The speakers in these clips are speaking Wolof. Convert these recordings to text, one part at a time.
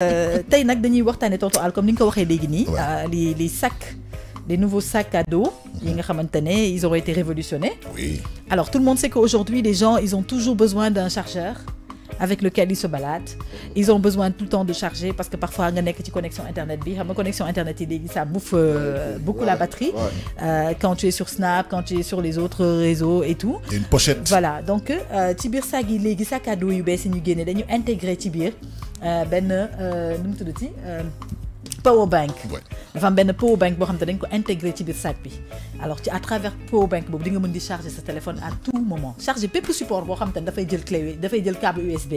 Euh, tey dañuy ni nga ah, sacs les nouveaux sacs à dos. yi nga ils ont été révolutionnés. alors tout le monde sait qu'aujourd'hui les gens ils ont toujours besoin d'un chargeur. avec lequel ils se baladent ils ont besoin tout le temps de charger parce que parfois nga nekk ci connexion internet bi connexion internet ça bouffe euh, beaucoup la batterie. Euh, quand tu es sur Snap quand tu es sur les autres réseaux et tout. une pochette voilà donc tibir biir sac yi léegi sac à dos yu bees yi ñu dañu intégré tibir ben nu mu tuddati euh, power bank. dafa am benn power bank boo xam te dañ ko intégré ci sac alors ci à travers power bank boobu di nga charger sa téléphone à tout moment charger bépp support boo xam te dafay jël clé dafay jël câble USB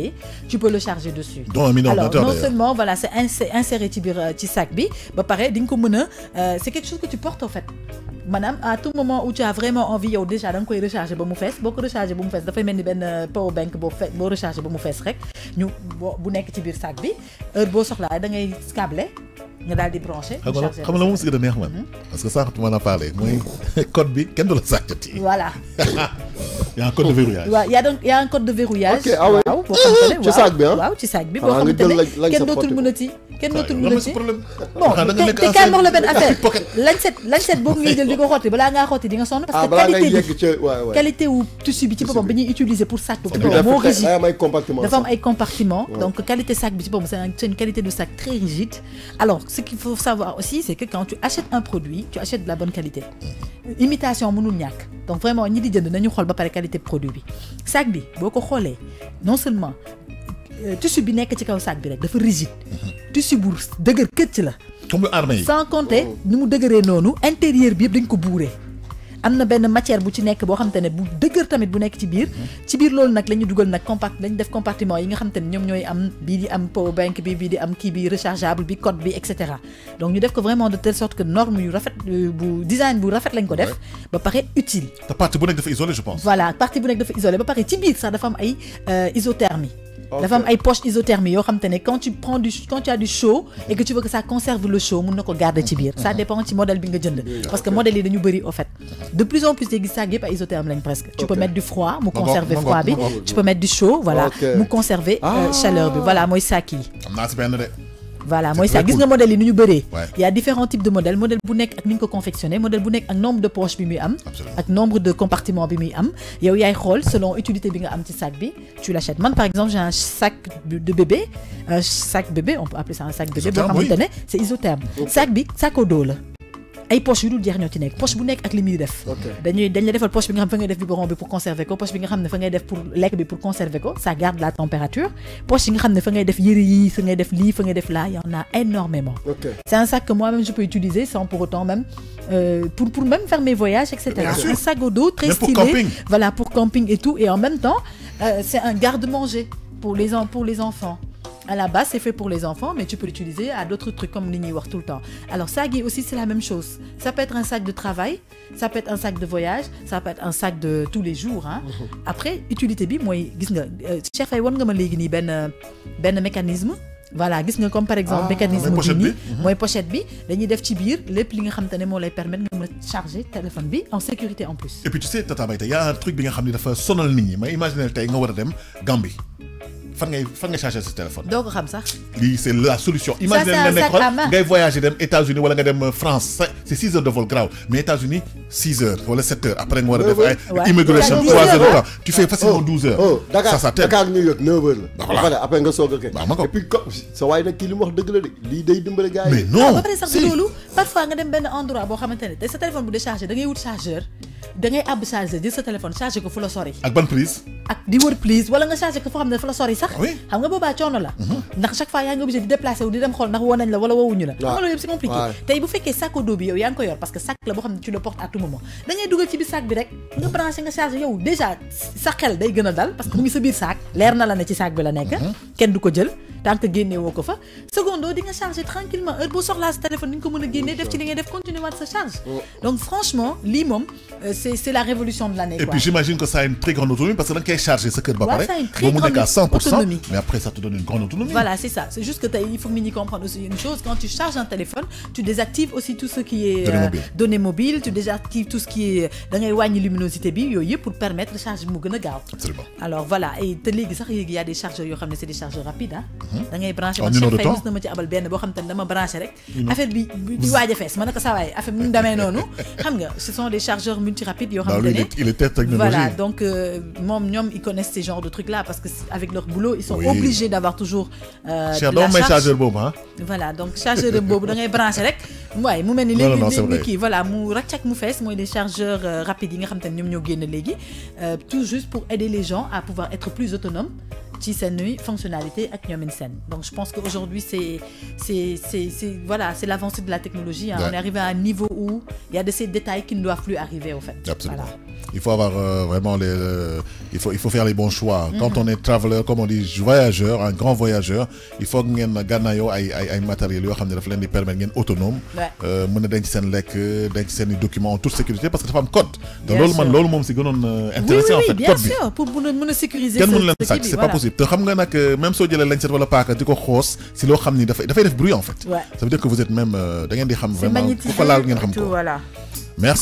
tu peux le charger dessus. alors non seulement voilà c'est inséré ci biir ci sac bi ba c'est quelque chose que tu portes en fait manam à tout moment où tu as vraiment envie yow déjà da koy recharger ba mu fees boo recharger ba mu fees dafay mel ni benn euh, power bank bo fe bo recharger ba mu fees rek ñu bu nek ci biir sac bi heure bo soxla da ngay câbler nga daal di branché. chargé xam nga la moom si gën neex man. parce que sax tu m'en as parlé moy mm-hmm. code bi kenn du la sàccati. voilà. Il y a un code de verrouillage Il y a donc y a un code de verrouillage. ok ah waaw boo xamante ne tu sais bi ah waaw ci saag bi. boo xamante ne kenn dootul mënati Quel autre monde bon te te kaay ma wax la benn affaire lancette lancette boobu ngay jël di ko xotti balaa ngaa xotti di nga sonn. parce ah, que qualité qualité ou tissu bi ci boppam utiliser pour sac boobu. moo rigide ah, dafa am compartiment. compartiments dafa am compartiment. donc qualité sac bi c'est une qualité de sac très rigide. alors ce qu'il faut savoir aussi c'est que quand tu achètes un produit tu achètes de la bonne qualité. imitation mënul donc vraiment ñi di jënd nañu xool ba pare qualité produit bi sac bi boo ko xoolee non seulement euh, tissu bi nekk ci kaw sac bi rek dafa rigide. Mhm. tissu bu dëgër këcc la. comme armée sans compter ni mu dëgëree noonu intérieur bi yëpp dañ ko buuree am na benn matière bu ci nekk boo bu dëgër tamit bu ci biir ci biir la def compartiment yi nga donc ñu def vraiment de telle sorte que norme euh, design bu rafet lañ ko def ba utile partie bu isolé je pense voilà partie bu nekk dafa isolé ba pare ci dafa euh, isothermie la femme a une poche isothermie. Quand tu, prends du, quand tu as du chaud et que tu veux que ça conserve le chaud, tu peux garder ci Ça dépend du modèle que tu Parce que modèle est de bari en fait. De plus en plus, les ça pas isotherme presque. Tu peux mettre du froid, nous conserver froid. Tu peux mettre du chaud, voilà. Nous conserver euh, ah. chaleur. Voilà, moi, ça qui voilà moi ça gis nga modèle yi ni ñu il y a différents types de modèles modèle bu nek ak ni modèle bu nek ak nombre de poches bi muy am ak nombre de compartiments bi muy am yow yay xol selon utilité bi nga am ci sac bi tu l'achètes man par exemple j'ai un sac de bébé un sac bébé on peut appeler ça un sac de bébé c'est isotherme sac bi sac au dos ay poche yu dul jeex ñoo ci nekk poche bu nekk ak li muy def dañuy dañ la defal poche bi nga xam fa def bi pour conserver ko poche bi nga xam ne fa ngay def pour lekk bi pour conserver ko ça garde la température poche yi nga xam ne fa ngay def yëre yi fa ngay def lii fa ngay def là y en a énormément c'est un sac que moi-même je peux utiliser sans pour autant même euh, pour, pour même faire mes voyages etc un sac au dos très stylé camping. voilà pour camping et tout et en même temps euh, c'est un garde-manger pour les, pour les enfants à la base, c'est fait pour les enfants, mais tu peux l'utiliser à d'autres trucs comme l'ignore tout le temps. Alors, ça aussi, c'est la même chose. Ça peut être un sac de travail, ça peut être un sac de voyage, ça peut être un sac de tous les jours. Hein. Après, utilité bi, moi, je nga, chef, il ben ben mécanisme. voilà comme par exemple ah, mécanisme mécanismes mhm. pochette bi dañuy def ci biir lépp li nga xam te lay charger téléphone bi en sécurité en plus et puis tu sais Tata Mbaye il y a un truc bi nga xam dafa sonal mini. mais imaginez tey nga Gambie fan ngay fan nga chargé sa téléphone. doo ko xam sax. li c' est la solution. imagine la nekk xool ngay voyager dem États-Unis wala nga dem euh, France c' est six heures de vol grave mais États-Unis six heures wala sept heures après nga war a def ay. immigration trois heures temps tu fais facilement oh, douze heures. Oh, ça ça teel Dakar New York neuf heures la. Bah, voilà après nga soog a kay. Bah, et puis sa waay nag kii li mu wax dëgg la de lii day dimbale gars yi. mais non ba pare sax loolu parfois nga dem benn endroit boo xamante ne te sa téléphone bu déchargé da ngay wut chargeur. da ngay àbb chargé jël sa téléphone chargé ko fu la sori. ak ban prise. ak di wër prise wala nga chargé ko foo xam ne fu la sori sax. Ah xam nga boobaa coono la. Mhm. ndax chaque fois yaa ngi obligé di déplacé wu di dem xool ndax woo la wala woowuñu la. waaw ah, loolu yëpp c'est compliqué. tey bu fekkee sac à dos bi yow yaa ngi ko yor parce que sac la boo xam ne tu le portes à tout moment da dugal ci biir sac bi rek nga branché nga chargé yow déjà gën dal parce que mu ngi sa biir sac na la ne ci sac bi mhm. ko jël tant que génne fa secondo di nga charger tranquillement heure boo soxlaa sa téléphone ni nga ko meuna def continuer sa charge oh. donc franchement li euh, c'est la révolution de l'année et puis j'imagine que ça a une très grande autonomie parce que quand tu as charger ce va ba pare ba mu à 100 mais après ça te donne une grande autonomie voilà c'est ça c'est juste que il faut mini comprendre aussi une chose quand tu charges un téléphone tu désactives aussi tout ce qui est données euh, mobiles tu désactives tout ce qui est euh, da les wàññi luminosité bi pour permettre charge charger mu garde. Absolument alors voilà et te sax y a des chargeurs yo c'est des chargeurs rapides hein. Mhm. da ngay branché man chaque fois na ma ci abal benn boo xam tane dama branché rek affaire bi di waaj a fees ma ne ko saa affaire bi mu demee noonu xam nga ce sont des chargeurs multi rapides yoo bah xam ne il est voilà donc euh, moom ñoom ils connaissent ces genres de trucs là parce que avec leur boulot ils sont obligés d'avoir toujours euh, cher doo may chargeur boobu ah voilà donc chargeur boobu da ngay branché rek waaye mu mel ni léegi ni kii voilà mu raccak mu fees mooy des chargeurs euh, rapides yi nga xam te ne ñoom ñoo génn léegi tout juste pour aider les gens à pouvoir être plus autonomes ci fonctionnalité ak une donc je pense qu'aujourd'hui c'est c'est voilà c'est l'avancée de la technologie hein. on est arrivé à un niveau où il y a de ces détails qui ne doivent plus arriver au fait Voilà il faut avoir euh, vraiment les, euh, il faut il faut faire les bons choix. Mm -hmm. Quand mhm. on est traveler, comme on dit, voyageur, un grand voyageur, il faut que ngeen gànnaayoo ay ay ay matériel yo xam ne dafa leen di permettre ngeen autonome. Euh, mën a denc sen lek denc seen documents en toute sécurité parce que dafa am code. donc lolu man lolu mom si gënon euh, intéressant en fait bien sûr pour mën sécuriser. kenn mënu leen sàcc c'est pas possible te xam nga nak euh, même soo jëlee lancette wala paaka di ko xoos si loo xam ni dafay def bruit en fait. ça veut dire que vous êtes même da ngeen di xam vraiment ko laal ngeen xam ko voilà.